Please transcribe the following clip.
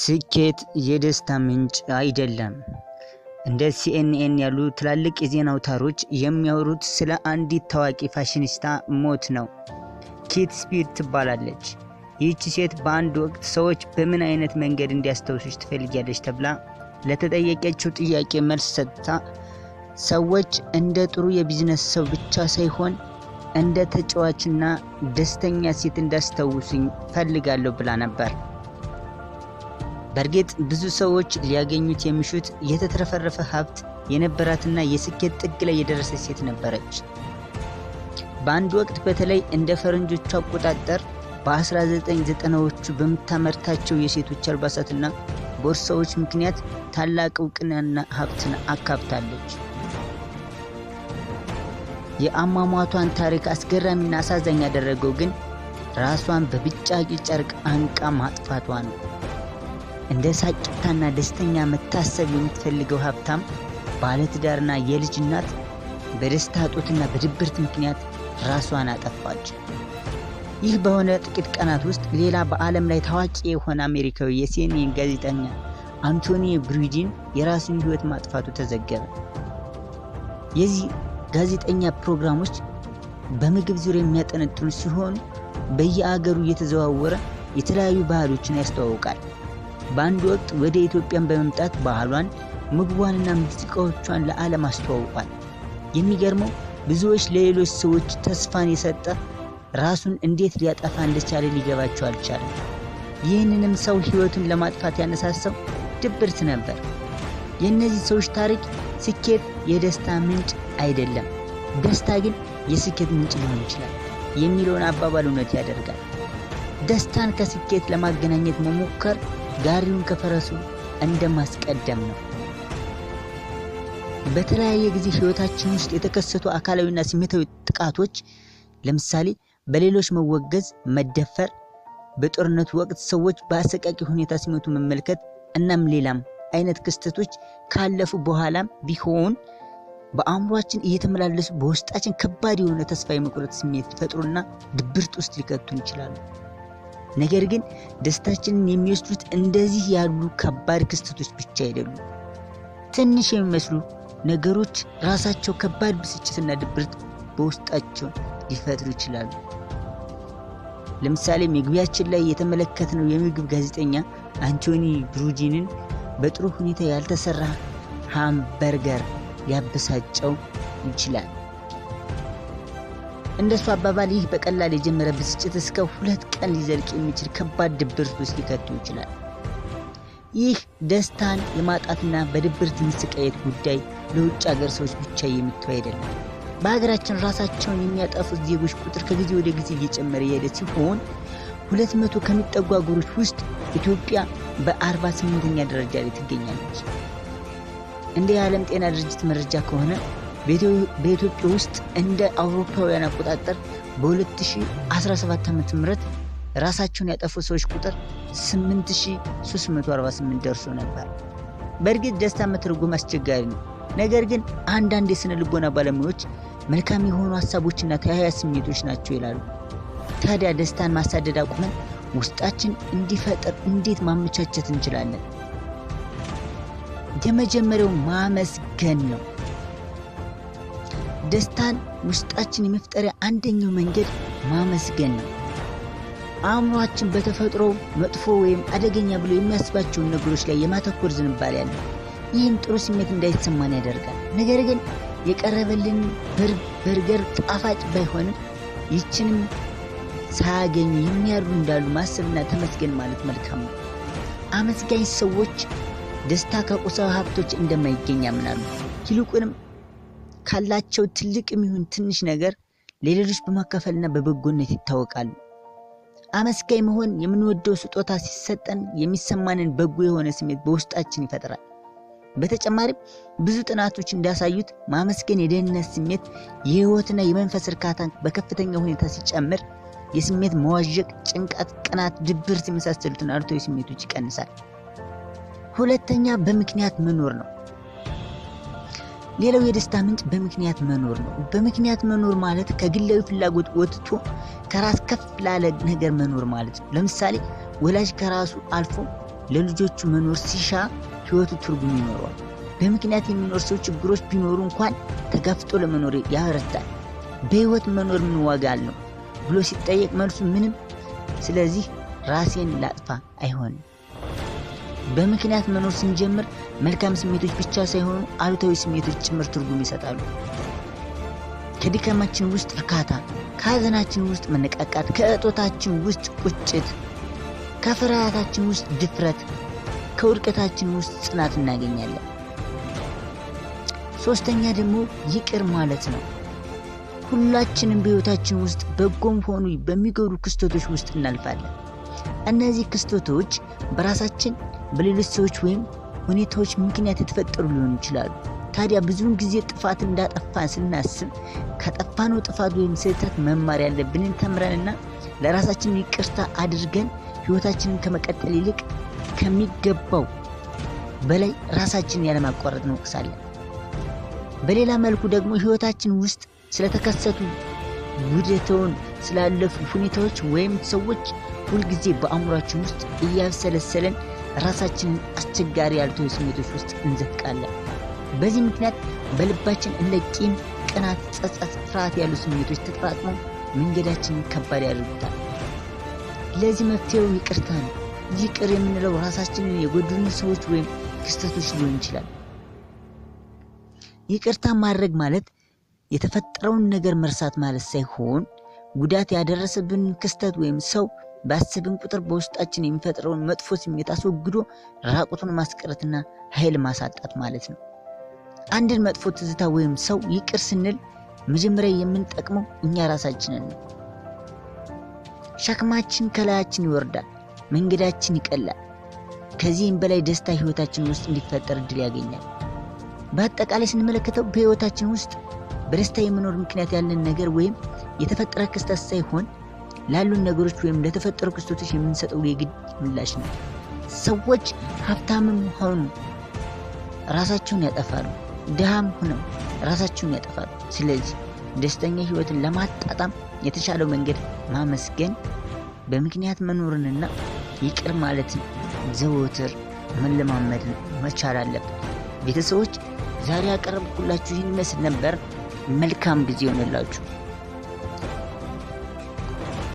ስኬት የደስታ ምንጭ አይደለም። እንደ ሲኤንኤን ያሉ ትላልቅ የዜና አውታሮች የሚያወሩት ስለ አንዲት ታዋቂ ፋሽኒስታ ሞት ነው። ኬት ስፒድ ትባላለች። ይህች ሴት በአንድ ወቅት ሰዎች በምን አይነት መንገድ እንዲያስታውሱች ትፈልጊያለች ተብላ ለተጠየቀችው ጥያቄ መልስ ሰጥታ ሰዎች እንደ ጥሩ የቢዝነስ ሰው ብቻ ሳይሆን እንደ ተጫዋችና ደስተኛ ሴት እንዳስታውሱኝ ፈልጋለሁ ብላ ነበር። በእርግጥ ብዙ ሰዎች ሊያገኙት የሚሹት የተትረፈረፈ ሀብት የነበራትና የስኬት ጥግ ላይ የደረሰች ሴት ነበረች። በአንድ ወቅት በተለይ እንደ ፈረንጆቹ አቆጣጠር በ1990ዎቹ በምታመርታቸው የሴቶች አልባሳትና ቦርሳዎች ምክንያት ታላቅ እውቅናና ሀብትን አካብታለች። የአሟሟቷን ታሪክ አስገራሚና አሳዛኝ ያደረገው ግን ራሷን በብጫቂ ጨርቅ አንቃ ማጥፋቷ ነው። እንደ ሳቂታና ደስተኛ መታሰብ የምትፈልገው ሀብታም ባለትዳርና የልጅ እናት በደስታ እጦትና በድብርት ምክንያት ራሷን አጠፋች። ይህ በሆነ ጥቂት ቀናት ውስጥ ሌላ በዓለም ላይ ታዋቂ የሆነ አሜሪካዊ የሲኤንኤን ጋዜጠኛ አንቶኒ ብሪዲን የራሱን ሕይወት ማጥፋቱ ተዘገበ። የዚህ ጋዜጠኛ ፕሮግራሞች በምግብ ዙሪያ የሚያጠነጥኑ ሲሆኑ በየአገሩ እየተዘዋወረ የተለያዩ ባህሎችን ያስተዋውቃል። በአንድ ወቅት ወደ ኢትዮጵያን በመምጣት ባህሏን፣ ምግቧንና ሙዚቃዎቿን ለዓለም አስተዋውቋል። የሚገርመው ብዙዎች ለሌሎች ሰዎች ተስፋን የሰጠ ራሱን እንዴት ሊያጠፋ እንደቻለ ሊገባቸው አልቻለም። ይህንንም ሰው ሕይወቱን ለማጥፋት ያነሳሳው ድብርት ነበር። የእነዚህ ሰዎች ታሪክ ስኬት የደስታ ምንጭ አይደለም፣ ደስታ ግን የስኬት ምንጭ ሊሆን ይችላል የሚለውን አባባል እውነት ያደርጋል። ደስታን ከስኬት ለማገናኘት መሞከር ጋሪውን ከፈረሱ እንደ ማስቀደም ነው። በተለያየ ጊዜ ህይወታችን ውስጥ የተከሰቱ አካላዊና ስሜታዊ ጥቃቶች ለምሳሌ በሌሎች መወገዝ፣ መደፈር፣ በጦርነቱ ወቅት ሰዎች በአሰቃቂ ሁኔታ ሲሞቱ መመልከት እናም ሌላም አይነት ክስተቶች ካለፉ በኋላም ቢሆን በአእምሯችን እየተመላለሱ በውስጣችን ከባድ የሆነ ተስፋ የመቁረጥ ስሜት ሊፈጥሩና ድብርት ውስጥ ሊከቱን ይችላሉ። ነገር ግን ደስታችንን የሚወስዱት እንደዚህ ያሉ ከባድ ክስተቶች ብቻ አይደሉም። ትንሽ የሚመስሉ ነገሮች ራሳቸው ከባድ ብስጭትና ድብርት በውስጣቸው ሊፈጥሩ ይችላሉ። ለምሳሌ መግቢያችን ላይ የተመለከትነው የምግብ ጋዜጠኛ አንቶኒ ብሩጂንን በጥሩ ሁኔታ ያልተሰራ ሃምበርገር ሊያበሳጨው ይችላል። እንደሱ አባባል ይህ በቀላል የጀመረ ብስጭት እስከ ሁለት ቀን ሊዘልቅ የሚችል ከባድ ድብርት ውስጥ ሊከተው ይችላል። ይህ ደስታን የማጣትና በድብርት መሰቃየት ጉዳይ ለውጭ ሀገር ሰዎች ብቻ የሚተው አይደለም። በሀገራችን ራሳቸውን የሚያጠፉት ዜጎች ቁጥር ከጊዜ ወደ ጊዜ እየጨመረ የሄደ ሲሆን ሁለት መቶ ከሚጠጉ አገሮች ውስጥ ኢትዮጵያ በአርባ ስምንተኛ ደረጃ ላይ ትገኛለች። እንደ የዓለም ጤና ድርጅት መረጃ ከሆነ በኢትዮጵያ ውስጥ እንደ አውሮፓውያን አቆጣጠር በ2017 ዓ ም ራሳቸውን ያጠፉ ሰዎች ቁጥር 8348 ደርሶ ነበር። በእርግጥ ደስታ መተርጎም አስቸጋሪ ነው። ነገር ግን አንዳንድ የሥነ ልቦና ባለሙያዎች መልካም የሆኑ ሀሳቦችና ተያያ ስሜቶች ናቸው ይላሉ። ታዲያ ደስታን ማሳደድ አቁመን ውስጣችን እንዲፈጥር እንዴት ማመቻቸት እንችላለን? የመጀመሪያው ማመስገን ነው። ደስታን ውስጣችን የመፍጠሪያ አንደኛው መንገድ ማመስገን ነው። አእምሯችን በተፈጥሮ መጥፎ ወይም አደገኛ ብሎ የሚያስባቸውን ነገሮች ላይ የማተኮር ዝንባሌ ያለ፣ ይህም ጥሩ ስሜት እንዳይሰማን ያደርጋል። ነገር ግን የቀረበልን በርገር ጣፋጭ ባይሆንም ይችንም ሳያገኙ የሚያድሩ እንዳሉ ማሰብና ተመስገን ማለት መልካም ነው። አመስጋኝ ሰዎች ደስታ ከቁሳዊ ሀብቶች እንደማይገኝ ያምናሉ። ይልቁንም ካላቸው ትልቅ የሚሆን ትንሽ ነገር ለሌሎች በማካፈልና በበጎነት ይታወቃሉ። አመስጋኝ መሆን የምንወደው ስጦታ ሲሰጠን የሚሰማንን በጎ የሆነ ስሜት በውስጣችን ይፈጥራል። በተጨማሪም ብዙ ጥናቶች እንዳሳዩት ማመስገን የደህንነት ስሜት፣ የህይወትና የመንፈስ እርካታ በከፍተኛ ሁኔታ ሲጨምር የስሜት መዋዠቅ፣ ጭንቀት፣ ቅናት፣ ድብርት የመሳሰሉትን አሉታዊ ስሜቶች ይቀንሳል። ሁለተኛ በምክንያት መኖር ነው። ሌላው የደስታ ምንጭ በምክንያት መኖር ነው። በምክንያት መኖር ማለት ከግላዊ ፍላጎት ወጥቶ ከራስ ከፍ ላለ ነገር መኖር ማለት ነው። ለምሳሌ ወላጅ ከራሱ አልፎ ለልጆቹ መኖር ሲሻ ህይወቱ ትርጉም ይኖረዋል። በምክንያት የሚኖር ሰው ችግሮች ቢኖሩ እንኳን ተጋፍጦ ለመኖር ያረታል። በህይወት መኖር ምን ዋጋ አለው ብሎ ሲጠየቅ መልሱ ምንም፣ ስለዚህ ራሴን ላጥፋ አይሆንም። በምክንያት መኖር ስንጀምር መልካም ስሜቶች ብቻ ሳይሆኑ አሉታዊ ስሜቶች ጭምር ትርጉም ይሰጣሉ። ከድካማችን ውስጥ እርካታ፣ ከሀዘናችን ውስጥ መነቃቃት፣ ከእጦታችን ውስጥ ቁጭት፣ ከፍርሃታችን ውስጥ ድፍረት፣ ከውድቀታችን ውስጥ ጽናት እናገኛለን። ሶስተኛ ደግሞ ይቅር ማለት ነው። ሁላችንም በሕይወታችን ውስጥ በጎም ሆኑ በሚጎዱ ክስተቶች ውስጥ እናልፋለን። እነዚህ ክስተቶች በራሳችን በሌሎች ሰዎች ወይም ሁኔታዎች ምክንያት የተፈጠሩ ሊሆኑ ይችላሉ። ታዲያ ብዙውን ጊዜ ጥፋት እንዳጠፋን ስናስብ ከጠፋነው ጥፋት ወይም ስህተት መማር ያለብንን ተምረንና ለራሳችን ይቅርታ አድርገን ህይወታችንን ከመቀጠል ይልቅ ከሚገባው በላይ ራሳችንን ያለማቋረጥ እንወቅሳለን። በሌላ መልኩ ደግሞ ህይወታችን ውስጥ ስለተከሰቱ ውደተውን ስላለፉ ሁኔታዎች ወይም ሰዎች ሁልጊዜ በአእምሯችን ውስጥ እያብሰለሰለን ራሳችንን አስቸጋሪ ያልሆኑ ስሜቶች ውስጥ እንዘፍቃለን። በዚህ ምክንያት በልባችን እንደ ቂም፣ ቅናት፣ ጸጸት፣ ፍርሃት ያሉ ስሜቶች ተጠራቅመው መንገዳችንን ከባድ ያደርጉታል። ለዚህ መፍትሄው ይቅርታ ነው። ይቅር የምንለው ራሳችንን የጎዱን ሰዎች ወይም ክስተቶች ሊሆን ይችላል። ይቅርታ ማድረግ ማለት የተፈጠረውን ነገር መርሳት ማለት ሳይሆን ጉዳት ያደረሰብን ክስተት ወይም ሰው ባሰብን ቁጥር በውስጣችን የሚፈጥረውን መጥፎ ስሜት አስወግዶ ራቁቱን ማስቀረትና ኃይል ማሳጣት ማለት ነው። አንድን መጥፎ ትዝታ ወይም ሰው ይቅር ስንል መጀመሪያ የምንጠቅመው እኛ ራሳችንን ነው። ሸክማችን ከላያችን ይወርዳል፣ መንገዳችን ይቀላል። ከዚህም በላይ ደስታ ህይወታችን ውስጥ እንዲፈጠር እድል ያገኛል። በአጠቃላይ ስንመለከተው በህይወታችን ውስጥ በደስታ የመኖር ምክንያት ያለን ነገር ወይም የተፈጠረ ክስተት ሳይሆን ላሉን ነገሮች ወይም ለተፈጠሩ ክስተቶች የምንሰጠው የግድ ምላሽ ነው። ሰዎች ሀብታምም ሆኑ ራሳቸውን ያጠፋሉ፣ ድሃም ሆነው ራሳቸውን ያጠፋሉ። ስለዚህ ደስተኛ ህይወትን ለማጣጣም የተሻለው መንገድ ማመስገን፣ በምክንያት መኖርንና ይቅር ማለትን ዘወትር መለማመድን መቻል አለብን። ቤተሰቦች ዛሬ ያቀረብኩላችሁ ይህን ይመስል ነበር። መልካም ጊዜ ይሆንላችሁ።